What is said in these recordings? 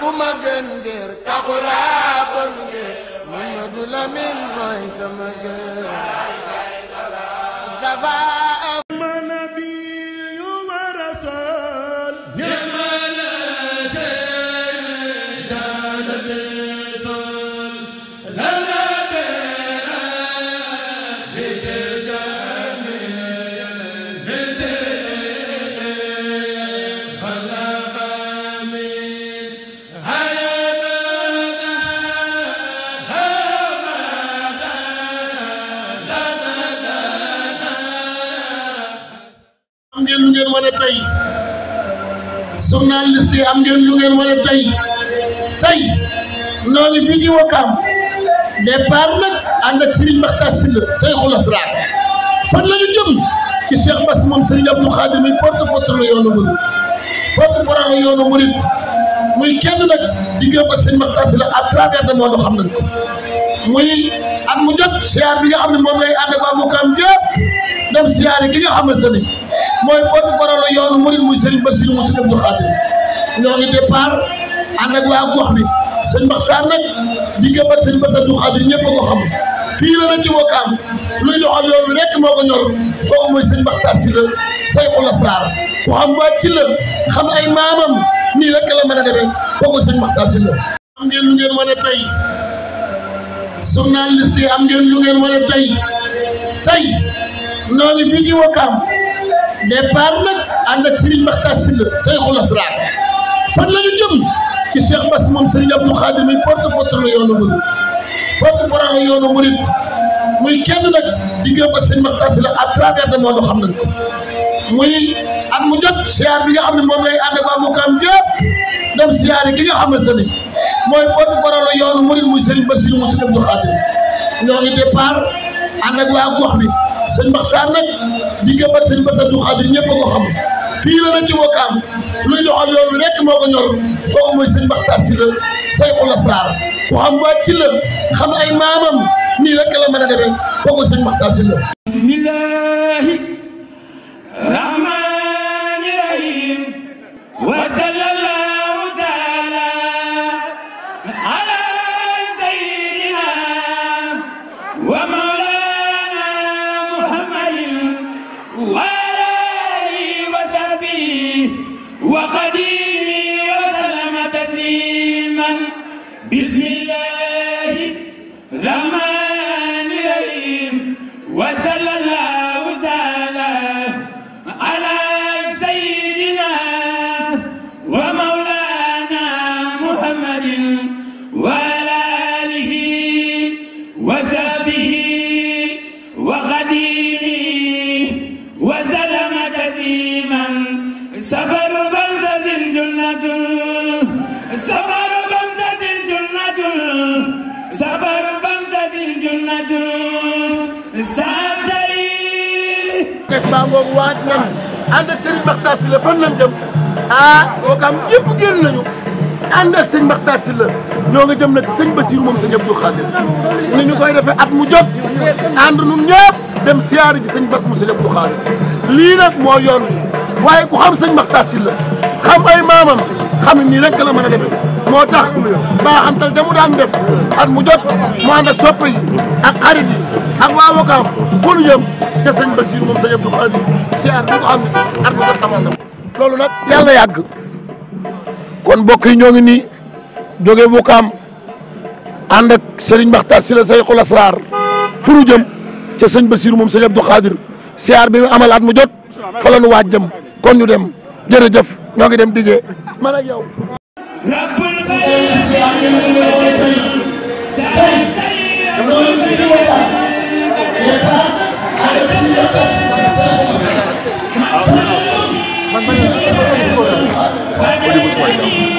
ku ma gën ngir taxulaa bon ngir Mamadou Lamine mooy sama gën journaliste yi am ngeen lu ngeen wane tey tey noo ngi fii ci Wakaam départ nag ànd ak Serigne Makhtar Sylla Seykhul Asrar fan la ñu jëm ci Cheikh Bass moom Serigne Abdou Khadir mi porte porte la yoonu murid porte porte la yoonu murid muy kenn nag diggam ak Serigne Makhtar Sylla à travers le monde xam nañ ko muy at mu jot siyaar bi nga xam ne moom lay ànd ak waa Wakaam yëpp dem siyaar yi ki nga xamante ne. mooy porte parole yoonu murid muy Serigne Bassirou mu Serigne Abdou Khadim ñoo ngi départ ànd ak waa gox bi sëñ Maxtaar nag di gëm ak Serigne Bassirou Abdou Khadim ñëpp a ko xam fii la na ci wokkaam luy doxal yoon bi rekk moo ko ñor kooku mooy sëñ Maxtaar si la Sayxul Asraar ku xam waa ci la xam ay maamam nii rekk la mën a demee kooku sëñ Maxtaar si la am ngeen lu ngeen mën a tey journaliste yi am ngeen lu a tey tey noo ngi fii ci wokkaam départ nag ànd ak Serigne Makhtar Sylla Seykhul Asrar fan la ñu jëm ci Cheikh Bass moom Serigne Abdou Khadim mi porte-parole la yoonu murid porte-parole la yoonu murid muy kenn nag diggam ak Serigne Makhtar Sylla à travers le monde xam nañ ko muy at mu jot nga xam ne moom lay ànd ak waa Mukaam yëpp dem siyaar yi ki nga xamante ne mooy porte-parole la yoonu murid muy Serigne Bassirou Moussa Abdou Khadim ñoo ngi départ ànd ak waa gox bi. sëñ Maxtaar nag diggam ak sëñ Basa du Xaadir ñëpp a ko xam fii la na Wakaam luy doxal rek moo ko ñor kooku mooy si la Sayxul Asraar ku xam waa ci la xam ay maamam nii rek la mën a demee kooku sëñ Maxtaar si la bismillahi ah Ouakam yëpp génn nañu ànd ak sëñ Makhtar Sylla ñoo nga jëm nag sëñ Basiru moom sëñ Abdou Khadir ni ñu koy defee at mu jot ànd nun ñëpp dem siyaare ji sëñ Bas mu sëñ Abdou Khadir lii nag moo yoon bi waaye ku xam sëñ Makhtar Sylla xam ay maamam xam nii rek la mën a moo tax baaxantal da mu daan def at mu jot mu ànd ak soppe ak xarit yi ak waa fu ñu jëm ca sëñ Basiru moom sëñ Abdou Khadir siyaare bi ko xam ne mu jot amal loolu nag yàlla na yàgg kon mbokk yi ñoo ngi nii jóge Woukaam ànd ak Serigne Makhtar Sylla Sayxul Asraar fu ñu jëm ca sëñ Basiru moom sëñ Abdou Khadir siyaar bi mu amal at mu jot fa nu waaj jëm kon ñu dem jërëjëf ñoo ngi dem dige man ak yow. Sénégal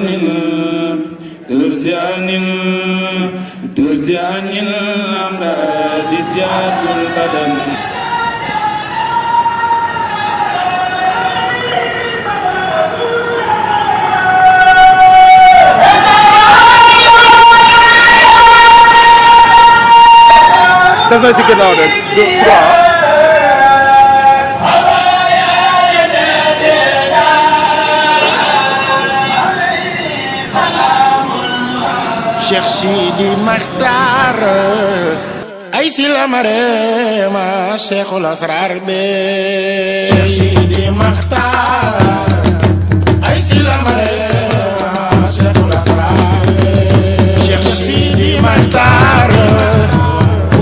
عن الدرس عن الدرس عن الأمراض سياد البدن Das heutige lautet, du, du, ay si la ma ree ma Cheikhul Asrar bee Cheikh Sidi Makhtar ay si la ma ree ma Cheikhul Asrar bee Cheikh Sidi Makhtar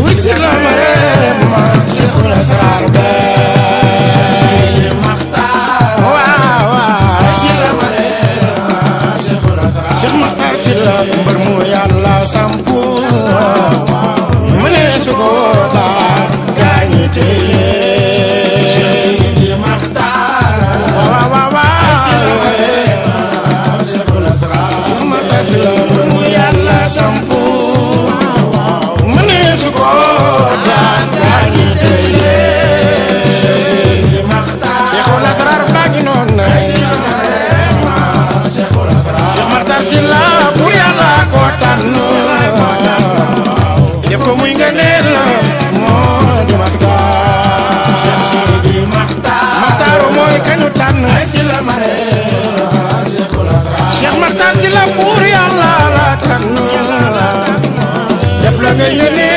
ay si la ma ree ma Cheikhul Asrar bee da ngay yéene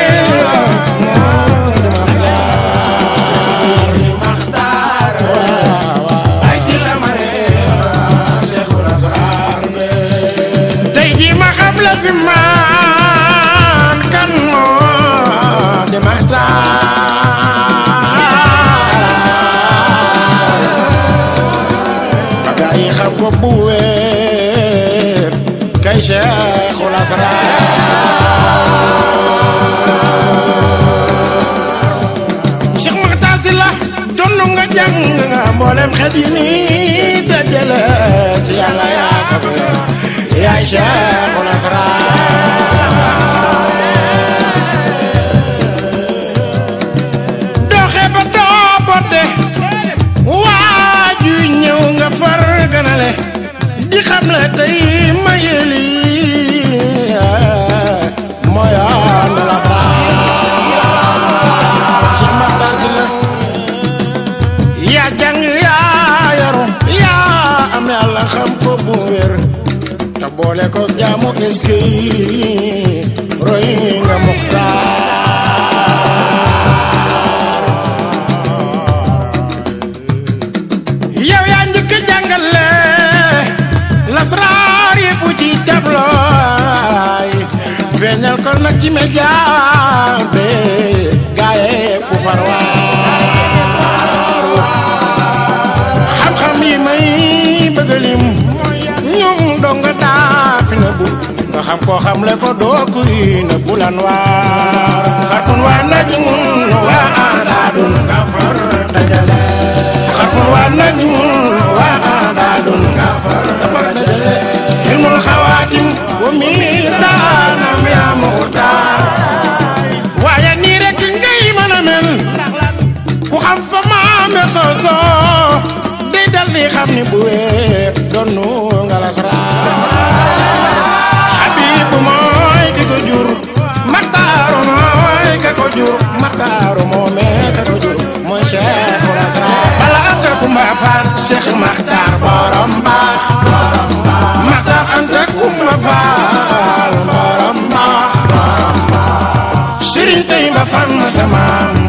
kon nag ci média be gaaye ku farwaar xam-xam yi may bëggalim ñoom dong daa fi na bu nga xam ko xam le ko doo kuy na bulan waar xarfun waa najmun waa aadaadun nga far dajale xarfun waa najmun waa aadaadun nga far misaanam yaa muxtaar waaye nii rek ngay mën a mel ku xam fa maame soosoo day dal di xam ni bu wéer doonu nga la saraar Habibu mooy ki ko jur Maxtaaru mooy ka ko jur Maxtaaru moomee ka ko jur mooy Cheikh la saraar balaa takku mbaa faal Cheikh ma fal ma sama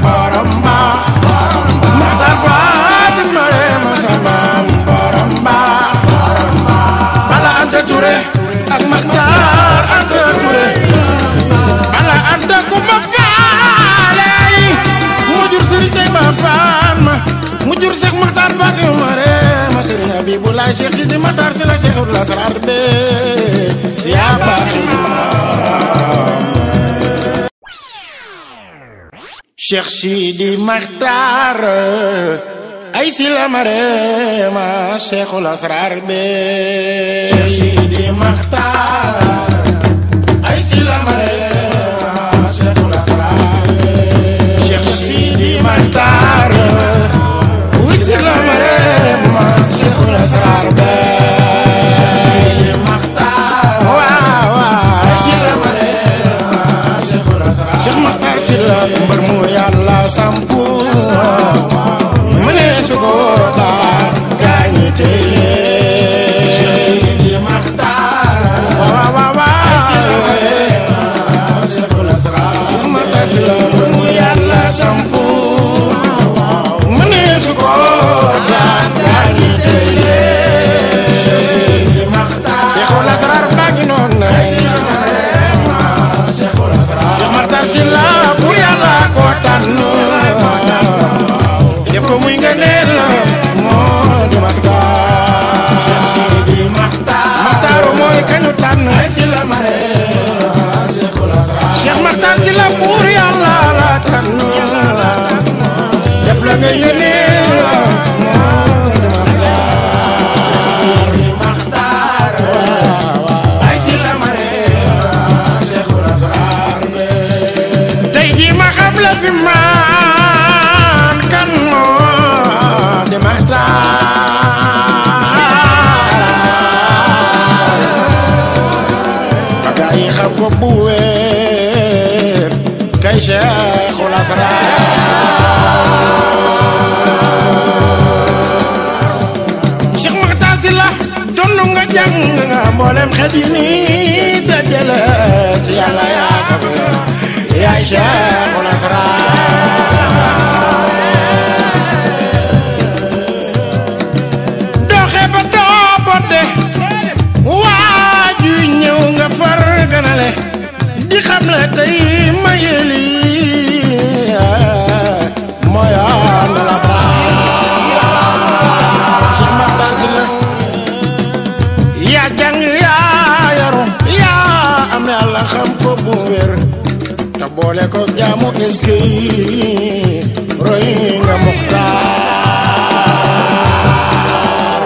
borom baax Maxtaar Fatim Mare ma sama borom baax Bala Anta Touré ak Maxtaar Anta Touré Bala Anta ku ma faale yi mu jur Serigne tey ma faal ma mu jur Cheikh Maxtaar Fatim Mare ma Serigne Abibou Laye Cheikh Sidi Maxtaar si la Cheikh Abdoulaye Sarr Cheikh Sidi Maxtaar ay si la mareema Cheikhul Asrar be Cheikh Sidi Maxtaar Merci. Cheikh Makhtar Sylla donn nga jàng nga mboolem xel yi nii dajale ci yàlla yaa ko fi yaay Cheikhul Asrar doxe ba doobote waaju ñëw nga far ganale di xam la tey mayeli boole ko jaamu eski roy nga muxtaar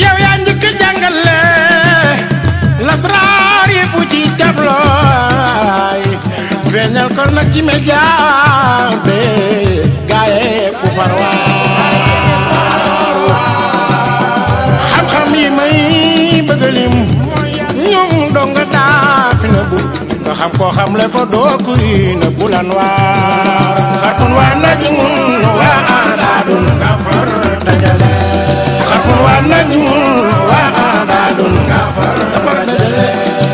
yow yaa njëkk jàngale lasraar yi bu ci tablaay feeñal ko nag ci média be gaaye bu farwaar xam-xam yi may nga xam ko xam le ko dookuy na bulan waar xarfun waa najmun waa aadaadun nga far dajale xarfun waa najmun waa aadaadun nga far dajale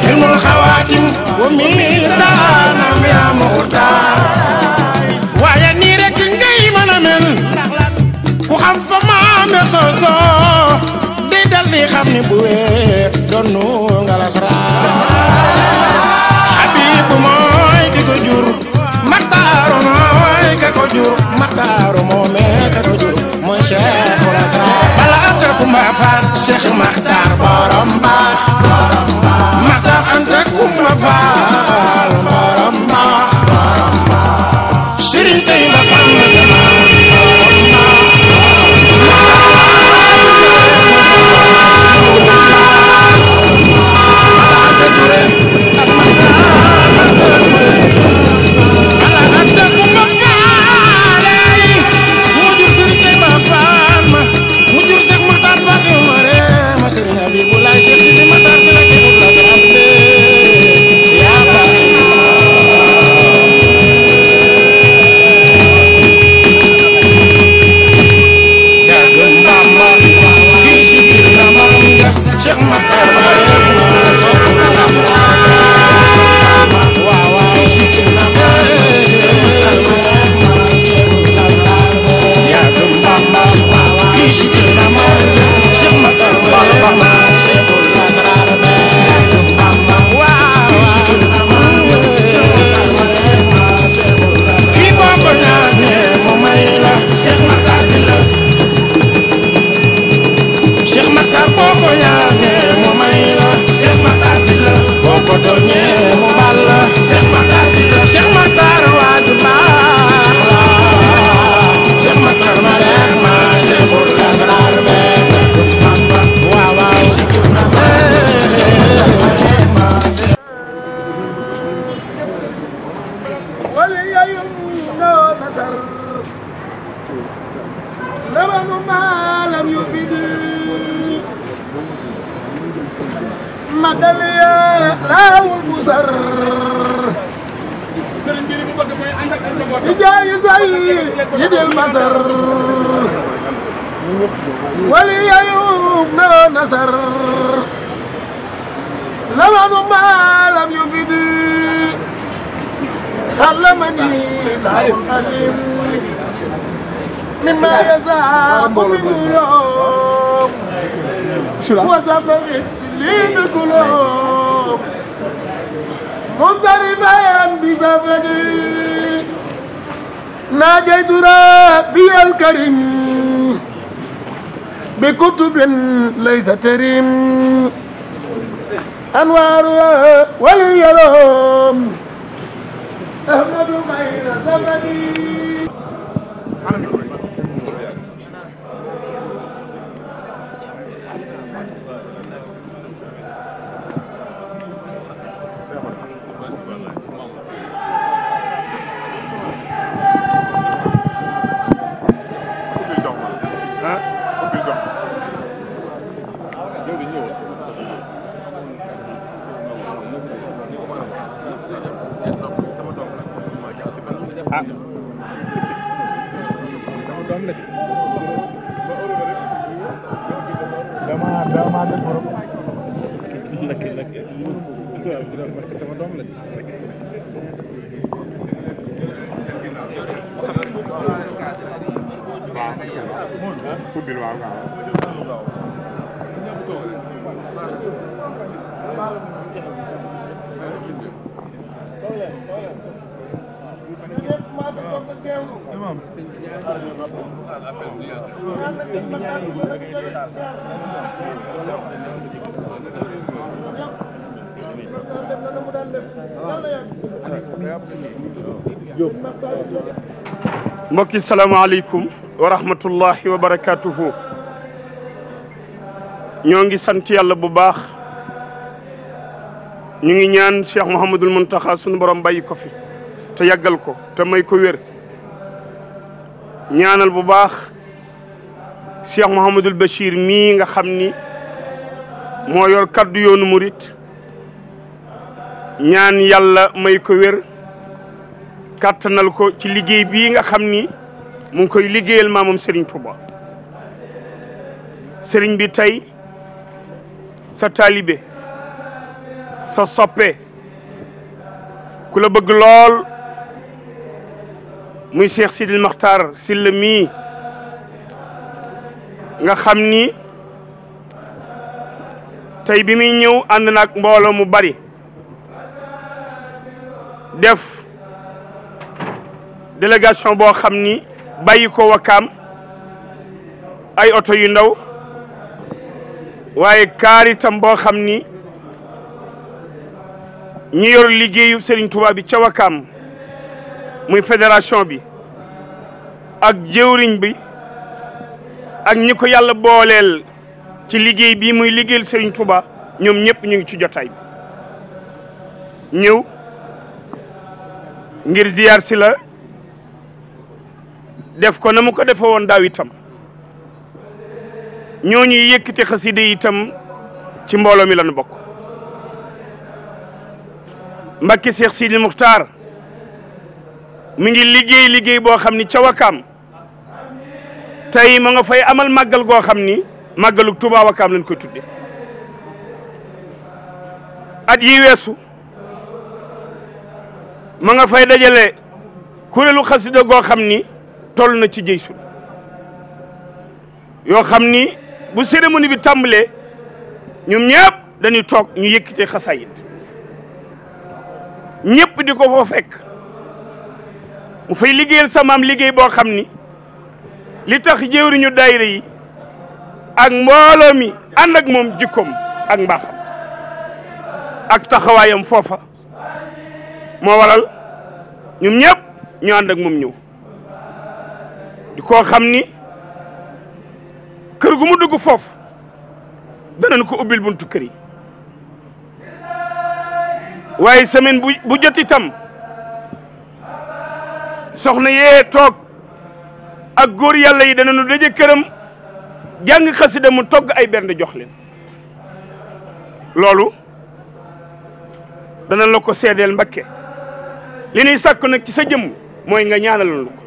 ilmul xawaatim wa miisaanam yaa muxtaar waaye nii rek ngay mën a mel ku xam fa maame soosoo day dal di xam ni bu weer doonu nga lasraar مما يزعم من يوم وسبب لي بكلهم مضطربا بزمني ناجيت ربي الكريم بكتب ليس تريم أنوار ولي يوم أحمد غير زمني waaw incha allah ubbil waaw waaw. Diop mbokki salaamaaleykum wa rahmatullahi wa barakaatuhu ñoo ngi sant yàlla bu baax ñu ngi ñaan Cheikh Mouhamadul Mountakha sunu borom bàyyi ko fi te yàggal ko te may ko wér ñaanal bu baax Cheikh Mouhamadul Bachir mii nga xam ni moo yor kàddu yoonu murit ñaan yàlla may ko wér kàttanal ko ci liggéey bii nga xam ni mu ngi koy liggéeyal maamam Serigne Touba sëriñ bi tey sa taalibe sa soppe ku la bëgg lool muy Cheikh Sidil Makhtar Sylla mii nga xam ni tey bi muy ñëw ànd naag mbooloo mu bari def délégation boo xam ni bàyyi ko wakkaam ay oto yu ndaw waaye kaar itam boo xam ni ñi yor liggéeyu Serigne Touba bi ca wakam muy fédération bi ak jëwriñ bi ak ñi ko yàlla booleel ci liggéey bi muy liggéeyal Serigne Touba ñoom ñëpp ñu ngi ci jotaay bi ñëw ngir ziyaar si la def ko na mu ko defe woon daaw ñooñu ñooñuy yëkkati xaside itam ci mbooloo mi lañu bokk Mbàkke Seex Sidi mu mi ngi liggéey liggéey boo xam ni ca Wakaam tey ma nga fay amal màggal goo xam ni màggalu Tuubaa Wakaam lañ koy tudde at yi weesu ma nga fay dajale kuréelu xasida goo xam ni toll na ci jëysul yoo xam ni bu cérémonie bi tàmbalee ñoom ñëpp dañuy toog ñu yëkkite xasaayit ñëpp di ko foo fekk mu fay liggéeyal samaam liggéey boo xam ni li tax jëwriñu daayira yi ak mbooloo mi ak moom jikkoom ak mbaaxam ak taxawaayam foofa moo waral ñoom ñëpp ñu ànd ak moom ñëw di koo xam ni kër gu mu dugg foofu danañ ko ubbil buntu kër waaye semaine bu bu jot itam soxna yee toog ak góor yàlla yi danañu daje këram jàng xasida mu togg ay bernde jox leen loolu danañ la ko seedeel Mbakke li ñuy sàkku nag ci sa jëmm mooy nga ñaanal lu ko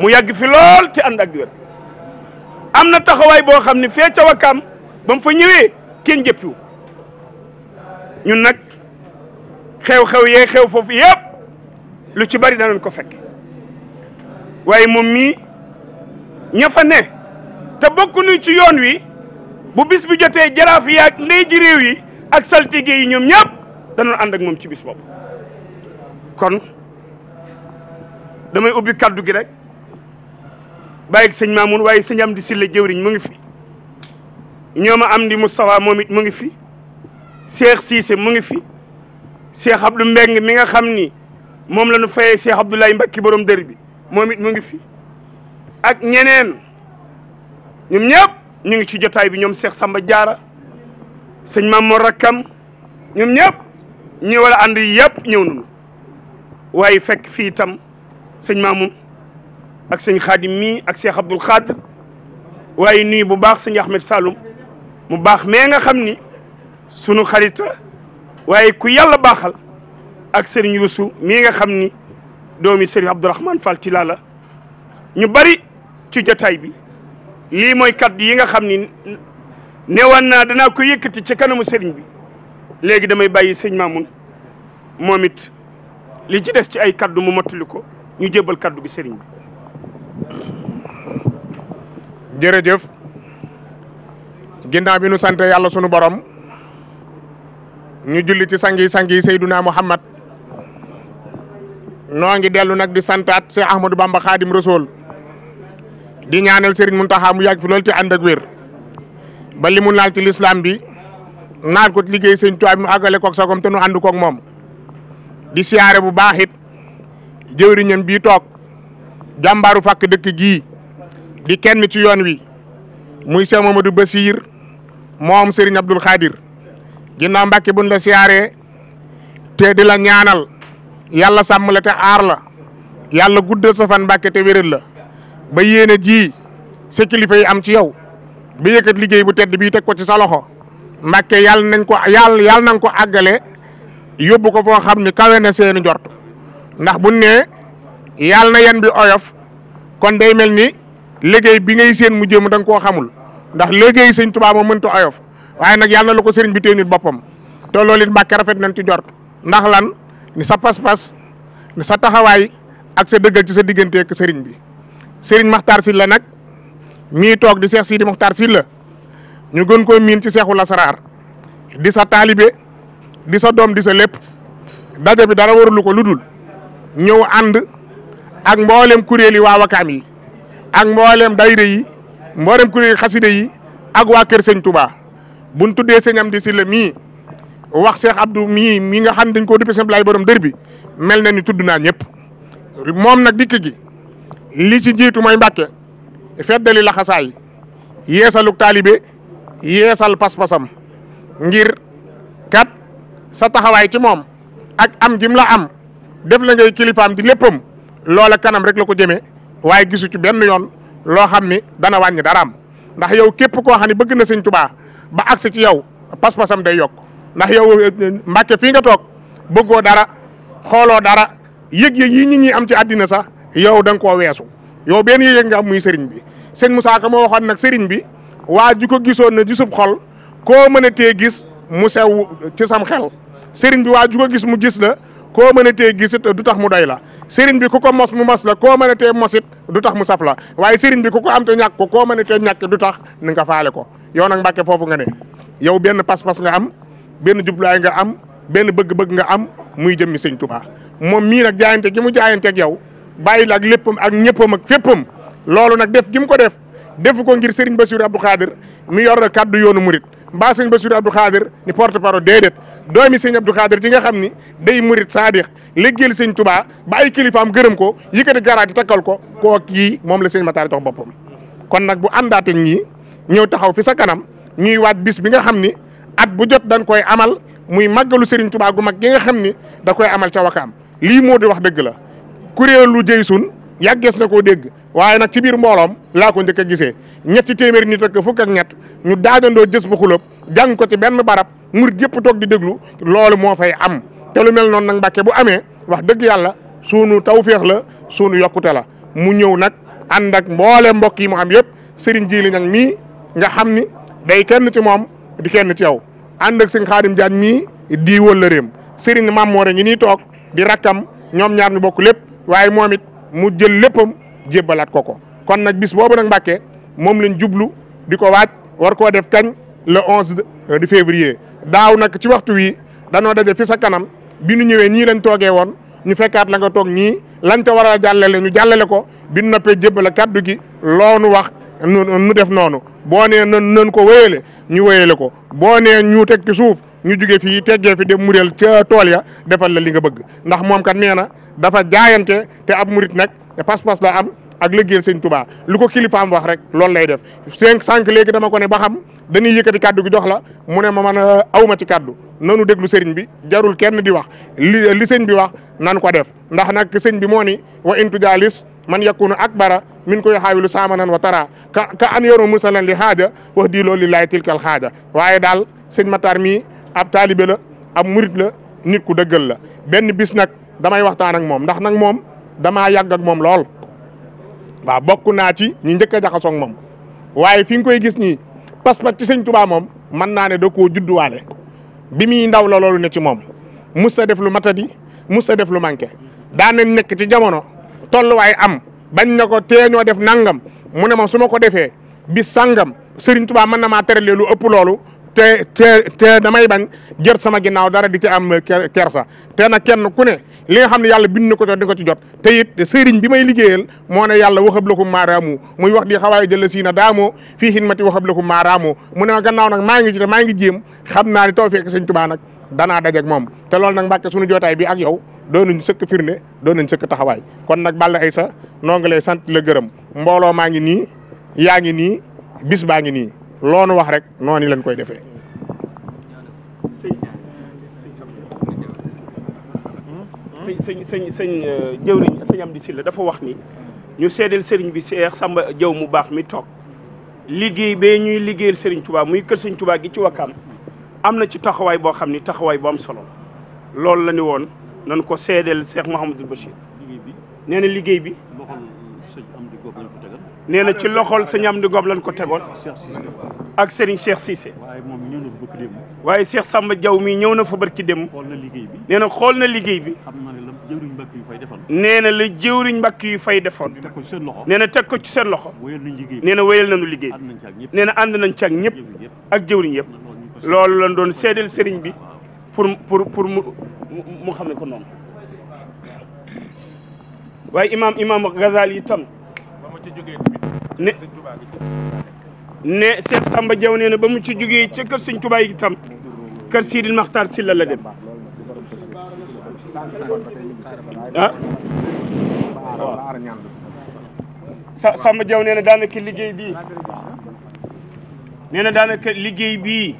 mu yàgg fi lool te ànd ak di am na taxawaay boo xam ne fee ca wakkaam ba mu fa ñëwee kenn jëppiwu ñun nag xew-xew yee xew foofu yëpp lu ci bari danañ ko fekk waaye moom mii ña fa ne te bokk nu ci yoon wi bu bis bi jotee jaraaf yi ak ndey ji réew yi ak saltige yi ñoom ñëpp danoon ànd ak moom ci bis boobu kon damay ubbi kàddu gi rek bàyyi sëñ mun waaye sëñ di Silla jëwriñ mu ngi fi ñoom a Amdi Moustapha moom mu ngi fi Cheikh Cissé mu ngi fi Cheikh Abdou Mbeng mi nga xam ni moom la ñu fayee Cheikh Abdoulaye Mbacke borom dër bi moom it mu ngi fi ak ñeneen ñoom ñëpp ñu ngi ci jotaay bi ñoom seex Samba Diarra sëñ Mamour rakkam ñoom ñëpp ñi wala ànd yëpp ñëw nañu waaye fekk fii itam sëñ Mamoun ak sëñ xaadim mii ak Cheikh Abdoul Khadr waaye nuyu bu baax sëñ Ahmed Saloum mu baax mais nga xam ni sunu xarit waaye ku yàlla baaxal ak sëriñ Youssou mii nga xam ni doomi sëriñ Abdourahmane Fall Tilala la ñu bari ci jotaay bi lii mooy kaddu yi nga xam ni newoon naa danaa ko yëkkati ci kanamu sëriñ bi léegi damay bàyyi sëñ Mamoun moom it li ci des ci ay kaddu mu mottali ko ñu jébbal kaddu bi sëriñ bi jërëjëf ginnaaw bi nu sant yàlla sunu borom ñu julli ci sangi sangi Seyduna Muhammad noo ngi dellu nag di santaat Cheikh Ahmadou Bamba Khadim Rasoul di ñaanal Serigne Mountakha mu yàgg fi loolu ci ànd ak wér ba li mu naal ci lislaam bi naal ko liggéey sëñ Tuubaa mu àggale koog sagom te nu ànd koog moom di siyaare bu baaxit it jëwriñam bii toog jàmbaaru fakk dëkk gii di kenn ci yoon wi muy Cheikh Mamadou Bassir moom Serigne Abdoul Khadir ginnaaw Mbàkke buñ la siyaaree te di la ñaanal yàlla sàmm la te aar la yàlla guddal sa fan Mbàkke te wéral la ba yéene ji sa kilifa yi am ci yow ba yëkkat liggéey bu tedd bii teg ko ci sa loxo Mbàkke yàlla nañ ko yàlla yàlla nañ ko àggale yóbbu ko foo xam ni kawe na seeni njort ndax bu ne yàlla na yan bi oyof kon day mel ni liggéey bi ngay séen mu jëm da nga koo xamul ndax liggéey sëñ Tuubaa moom mënta oyof waaye nag yàlla na la ko sëriñ bi téye boppam te loolu it rafet nañ ci jort ndax lan ni sa pas-pas ni sa taxawaay ak sa dëggal ci sa diggante ak sëriñ bi sëriñ Maxtaar Sylla nag mii toog di Seex Sidi Maxtaar Sylla ñu gën koo miin ci seexu lasaraar di sa taalibe di sa doom di sa lépp daje bi dara warulu ko lu dul ñëw ànd ak mboolem kuréel yi waa Wakaam yi ak mboolem dayre yi mboolem kuréel xaside yi ak waa Kër Sëñ Touba buñ tuddee sëñ di Sylla mii wax Cheikh Abdou mii mii nga xam dañ koo duppee sëñ Blaye borom dër bi mel na ni tudd naa ñëpp moom nag dikk gi li ci jiitu mooy Mbàkke feddali laxasaay yeesaluk taalibe yeesal pas-pasam ngir kat sa taxawaay ci moom ak am gim la am def la ngay kilifaam di léppam loola kanam rek la ko jëmee waaye gisu ci benn yoon loo xam ni dana wàññi daraam ndax yow képp koo xam ne bëgg na sëñ tubaa ba agsi ci yow pas-pasam day yokk ndax yow eh, eh, mbàkke fii nga toog bëggoo dara xooloo dara yëg-yëg yi nit am ci àddina sax yow danga nga koo weesu yow benn yëg nga am muy sëriñ bi sëñ Moussa Ka moo waxoon nag sëriñ bi waa ju ko gisoon na gisub xol koo mën a tee gis mu sew ci sam xel sëriñ bi waa ju ko gis mu gis na koo mën a tee gisit du tax mu doy la sëriñ bi ku ko mos mu mos la koo mën a tee mosit du tax mu saf la waaye sëriñ bi ku ko am te ñàkk ko koo mën a tee ñàkk du tax ni nga faale ko yow nag mbàkke foofu nga ne yow benn pas-pas nga am benn jublaay nga am benn bëgg-bëgg nga am muy jëmmi sëñ Tuubaa moom mii nag jaayante gi mu jaayante ak yow bàyyi la ak léppam ak ñëppam ak féppam loolu nag def gi mu ko def defu ko ngir sëriñ Bassirou Abdou Khadir mi yor kaddu yoonu murit mbaa sëñ Bassirou Abdou Khadir ni porte parole déedéet doomi sëñ Abdou Khadir ji nga xam ni day murit saadix liggéeyal sëñ tubaa ba ay kilifaam gërëm ko yëkkati garaat yi takkal ko koo kii moom la sëñ Matar jox boppam. kon nag bu àndaate ñii ñëw taxaw fi sa kanam ñuy waaj bis bi nga xam ni at bu jot dañ koy amal muy màggalu Serigne Touba gu mag gi nga xam ni da koy amal ca wakaam lii moo di wax dëgg la kuréelu Jeysun yàggees na koo dégg waaye nag ci biir mbooloom laa ko njëkk a gisee ñetti téeméeri nit ak fukk ak ñett ñu daajandoo jës bu jàng ko ci benn barab murit yëpp toog di déglu loolu moo fay am te lu mel noonu nag mbàkke bu amee wax dëgg yàlla suunu tawféex la suunu yokkute la mu ñëw nag ànd ak mboole mbokk yi mu am yëpp sëriñ Jili nag mii nga xam ni day kenn ci moom di kenn ci yow ànd ak sëñ Xaadim Jaan mii di wëllëreem sëriñ Mamoore ngi nii toog di rakkam ñoom ñaar ñu bokk lépp waaye moom it mu jël léppam jébbalaat ko ko kon nag bis boobu nag mbàkke moom lañ jublu di ko waaj war le onze euh, de février daaw nag ci waxtu wi danoo daje fi sa kanam bi nu ñëwee ñii lañ toogee woon ñu fekkaat la nga toog ñii lañ ca war a jàllale ñu jàllale ko bi nu noppee jébbal kàddu gi loonu wax nu def noonu boo nee nan nan ko wéyale ñu wéyale ko boo nee ñu teg ci suuf ñu jugee fi teggee fi dem muréel ca tool ya defal la li nga bëgg ndax moom kat nee na dafa jaayante te ab murit nag te pas-pas la am ak liggéeyal sëñ Touba lu ko kilifaam wax rek loolu lay def cinq sànq léegi dama ko ne ba xam dañuy yëkkati kaddu gi jox la mu ne ma man euh, awma ci kàddu nanu déglu sëriñ bi jarul kenn di wax li euh, li sëñ bi wax nan ko def ndax nag sëñ bi moo ni wa intu jaalis man yakunu akbara min koy xaawilu saamanan wa tara ka ka an yoro mursalan li xaaja wax di loolu laay tilkal xaaja waaye daal sëñ Matar mii ab taalibe la ab murit la nit ku dëggal la benn bis nag damay waxtaan ak moom ndax nag moom damaa yàgg moom lool waaw bokk naa ci ñu njëkk a jaxasoo moom waaye fi nga koy gis nii pas-pas ci sëñ Tuubaa moom mën naa ne da koo judduwaale bi muy ndaw la loolu ne ci moom mus def lu matadi mus a def lu manqué daa nañ nekk ci jamono tolluwaay am bañ na ko teeñoo def nangam mu ne ma suma ko defee bi sangam sëriñ Tuubaa mën na maa teralee lu ëpp loolu te te te may bañ jër sama ginnaaw dara di ci am eh, kersa te nag kenn ku ne li nga xam ne yàlla bind na ko jot di ko ci jot te it sëriñ bi may liggéeyal moo ne yàlla waxab lakum maaraamu muy wax di xawaay jëla siina daamoo fii xidmati waxab lakum maaraamu mu ne ma gannaaw nag maa ngi ci te maa ngi jéem xam naa ne tawfeex sëñ Tuubaa nag danaa dajeeg moom te loolu nag mbàkke suñu jootaay bi ak yow doo doon nañ sëkk firnde doon nañ sëkk taxawaay kon nag Balla Aïssa noo ngi lay sant la gërëm mbooloo maa ngi nii yaa ngi nii bis baa ngi nii loonu wax rek noonu lañ koy defee. sëñ sëñ sëñ sëñ euh, jëwriñ sëñ Amdi Silla dafa wax ni ñu seedeel sëriñ bi Seex Samba jëw mu baax mi toog liggéey bee ñuy liggéeyal sëriñ Tuubaa muy kër sëñ Tuubaa gi ci wakkaam am na ci taxawaay boo xam ni taxawaay bu am solo loolu la ne woon nan ko seedeel Seex Mouhamadul Bachir nee na liggéey bi nee na ci loxol sëñ Amdi Gob lañ ko tegoon ak Serigne Cheikh Cissé waaye Cheikh Samba Diaw mii ñëw na fa barki dem nee na xool na liggéey bi nee na la jëwriñ mbàkk yu fay defoon nee na teg ko ci seen loxo nee na wéyal nañu liggéey bi nee na ànd nañ ci ak ñëpp ak jëwriñ yëpp loolu lañ doon seedeel sëriñ bi pour pour pour mu mu xam ne ko noonu waaye imaam imaam Ghazali tam ne ne Cheikh Samba nee na ba mu ci jógee ci kër sëñ Tuubaa yi tam kër Sidi Maxtaar Silla la dem ah sa nee na daanaka liggéey bi ne na daanaka liggéey bii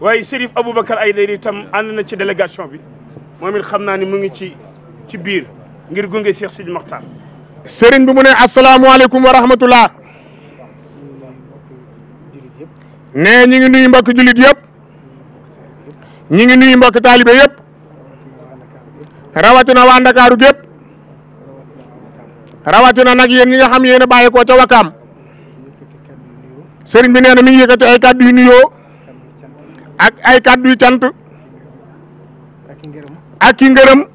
waaye Serif Aboubacar Aïdara itam ànd na ci délégation bi moom it xam naa ni mu ngi ci ci biir ngir gunge Cheikh Sidi Maxtaar sëriñ bi mu ne asalaamualeykum wa rahmatullah ne ñi ngi nuyu mbokki jullit yëpp ñi ngi nuyu mbokki taalibe yëpp rawatina waa Ndakaaru gépp rawatina nag yéen ñi nga xam yéen a bàyyi koo ca Wakaam sëriñ bi nee mi ngi yëkkati ay kàddu yu nuyoo ak ay kàddu yu cant ak ngërëm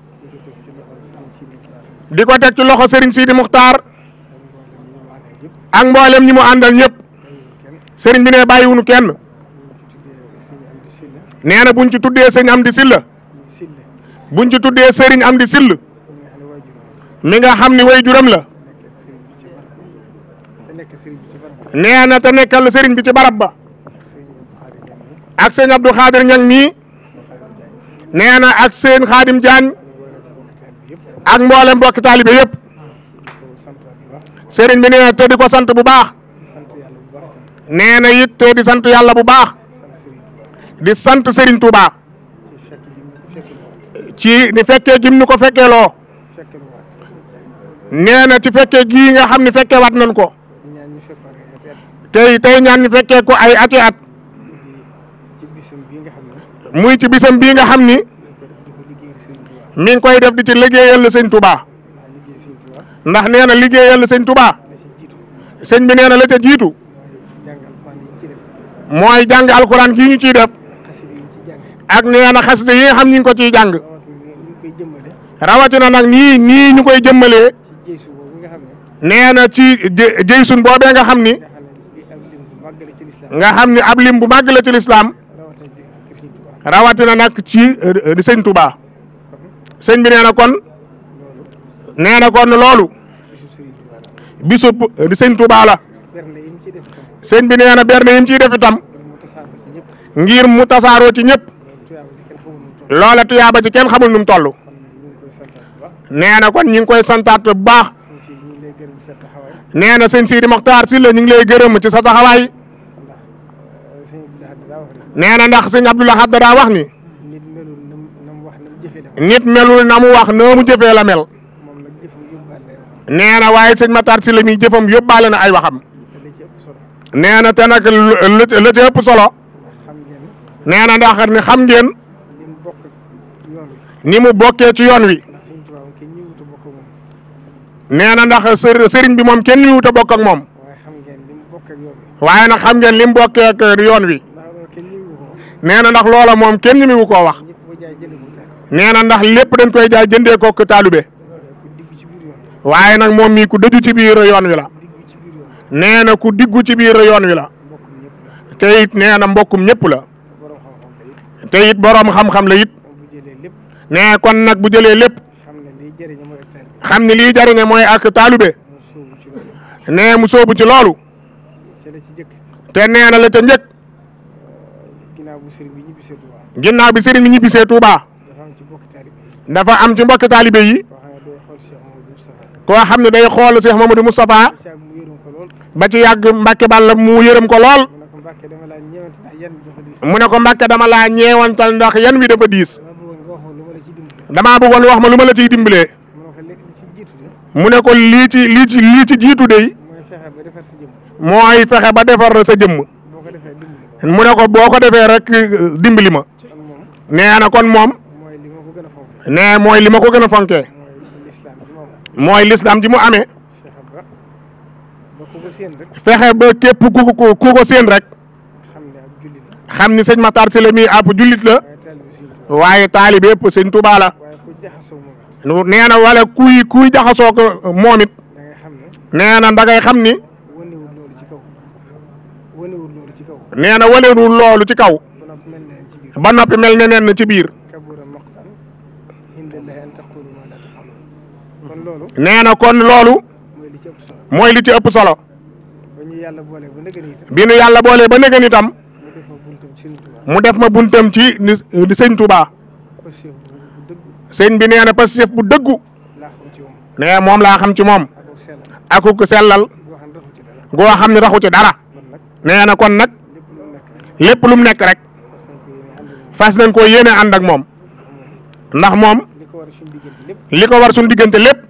di ko teg ci loxo Serigne Sidi Muxtaar ak mboolem ñi mu àndal ñëpp Serigne bi ne bàyyiwunu kenn nee na buñ ci tuddee am Amdi Silla buñ ci tuddee am Amdi Silla mi nga xam ni way juram la nee na nekkal Serigne bi ci barab ba ak sëñ Abdou Khadir Ñang mii nee na ak seen Khadim Diagne ak mboolem mbokki taalibe yëpp sëriñ bi nee na ko sant bu baax nee na it te sant yàlla bu baax di sant sëriñ Touba ci ni fekkee gim ni ko fekkeeloo nee na ci fekkee gii nga xam ne fekkee wat nañ ko tey tey ñaan ñu fekkee ko ay ati at muy ci bisam bii nga xam ni mi koy def di ci liggéeyal la sëñ Touba ndax nee na liggéeyal la sëñ Touba sëñ bi nee na la ca jiitu mooy jàng alxuraan gi ñu ci def ak nee na xasida yi xam ñu ko ci jàng rawatina nag nii nii ñu koy jëmmalee nee na ci jëysun boobee nga xam ni nga xam ni ab lim bu màgg la ci lislaam rawatina nag ci euh, sëñ Touba. sëñ bi nee na kon nee kon loolu bisub sëñ Tuubaa la sëñ bi nee na berne yi mu ciy def itam ngir mu tasaaroo ci ñëpp loola tuyaaba ci kenn xamul nu mu toll na kon ñi ngi koy santaat bu baax nee na sëñ Sidi Mokhtar si la ñu ngi lay gërëm ci sa taxawaay nee na ndax sëñ Abdoul Ahad daa wax ni nit melul na mu wax na mu jëfee la mel nee na waaye seen Matar si la muy jëfam yóbbaale na ay waxam nee na te nag la ca ëpp solo nee ndax ni xam ngeen ni mu bokkee ci yoon wi nee na ndax sëriñ bi moom kenn ñëwut a bokkak moom waaye nag xam ngeen li mu bokkee ak yoon wi nee na ndax loola moom kenn ñi mu koo wax. nee na ndax lépp dañ koy jaay jëndee kook taalube waaye nag moom mi ku dëju ci yoon wi la na ku diggu ci biir yoon wi la te nee na mbokkum ñépp la te it boroom xam-xam la it nee kon nag bu jëlee lépp xam ne lii jariñe mooy ak taalube nee mu sóobu ci loolu te nee na la ca njëkk ginnaaw bi sëriñ bi ñibbisee Touba. dafa am ci mbokki taalibe yi koo xam ne day xool Cheikh Mamadou Moustapha ba ci yàgg Mbacke Balla mu yërëm ko lool mu ne ko Mbacke dama laa ñeewantal ndax yan wi dafa diis damaa bëggoon wax ma lu ma la ciy dimbalee mu ne ko lii ci lii ci lii ci jiitu dey mooy fexe ba defar sa jëmm mu ne ko boo ko defee rek dimbali ma nee na kon moom. nee mooy li ma ko gën a fonkee mooy lislaam ji mu amee fexe ba képp ku ko ku ko séen rek xam ni sëñ Matar Sylla mii ab jullit la waaye taalibe yëpp sëñ Tuubaa la nee na wala kuy kuy jaxasoo ko moom it nee na dangay xam ni nee na walewul loolu ci kaw ba noppi mel ne neen ci biir nee na kon loolu mooy li ci ëpp solo bi nu yàlla boolee ba nëgën itam mu def ma buntam ci di sëñ Touba sëñ bi nee na parce que bu dëggu nee moom laa xam ci moom aku ko sellal goo xam ne raxu ci dara nee na kon nag lépp lu mu nekk rek fas nañ koo yéene ànd ak moom ndax moom li ko war suñu diggante lépp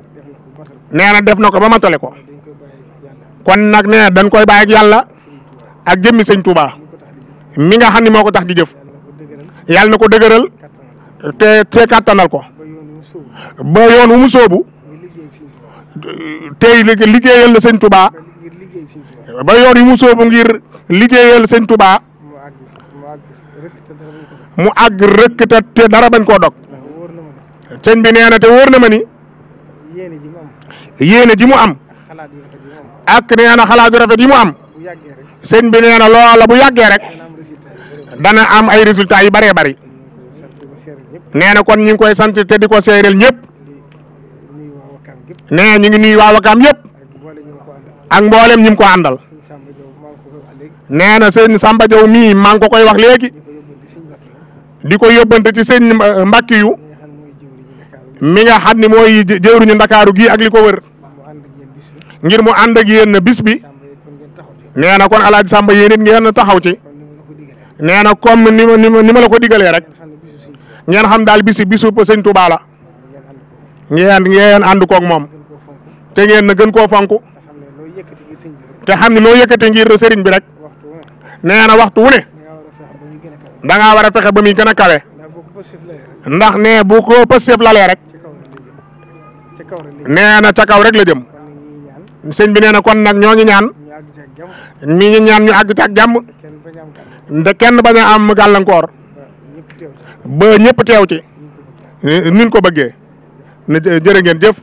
nee na def na ko ba matale ko kon nag nee na dañ koy bàyyi ak yàlla ak jëmmi sëñ Touba mi nga xam ne moo ko tax di jëf yàlla na ko dëgëral te te kàttanal ko ba yoon wu mu sóobu tey liggéeyal la sëñ Touba ba yoon wu mu sóobu ngir liggéeyal seen Touba mu àgg rëkk te dara bañ koo dog sëñ bi nee na te wóor na ma ni. yéene ji mu am ak nee na xalaat yu yi mu am sëñ bi nee na loola bu yàggee rek dana am ay résultat yu bëree bari nee kon ñu ngi koy sant te di ko seereel ñëpp nee ñu ngi nuyu waa yépp yëpp ak mboolem ñi ko àndal nee na sëñ Samba Diaw mii maa ngi ko koy wax léegi di ko yóbbante ci sëñ Mbàkke yu mi nga xam ne mooy jëwriñu Ndakaaru gi ak li ko wër. ngir mu ànd ak yéen na bis bi nee na kon alaaj sàmba yéen it taxaw ci nee na comme ni ni ma la ko digalee rek ngeen xam daal bisi bisu sëñ Tuubaa la ngeen ngeen ànd koog moom te ngeen na gën koo fonku te xam ne loo yëkkate ngir sëriñ bi rek nee na waxtu wu ne da a fexe ba muy gën a kawe ndax ne bu ko pësef lalee rek nee na ca kaw rek la dem sëñ bi nee na kon nag ñoo ngi ñaan mi ngi ñaan ñu àgg ci ak jàmm de kenn bañ a am gàllankoor ba ñépp teew ci nin ko bëggee na ngeen jëf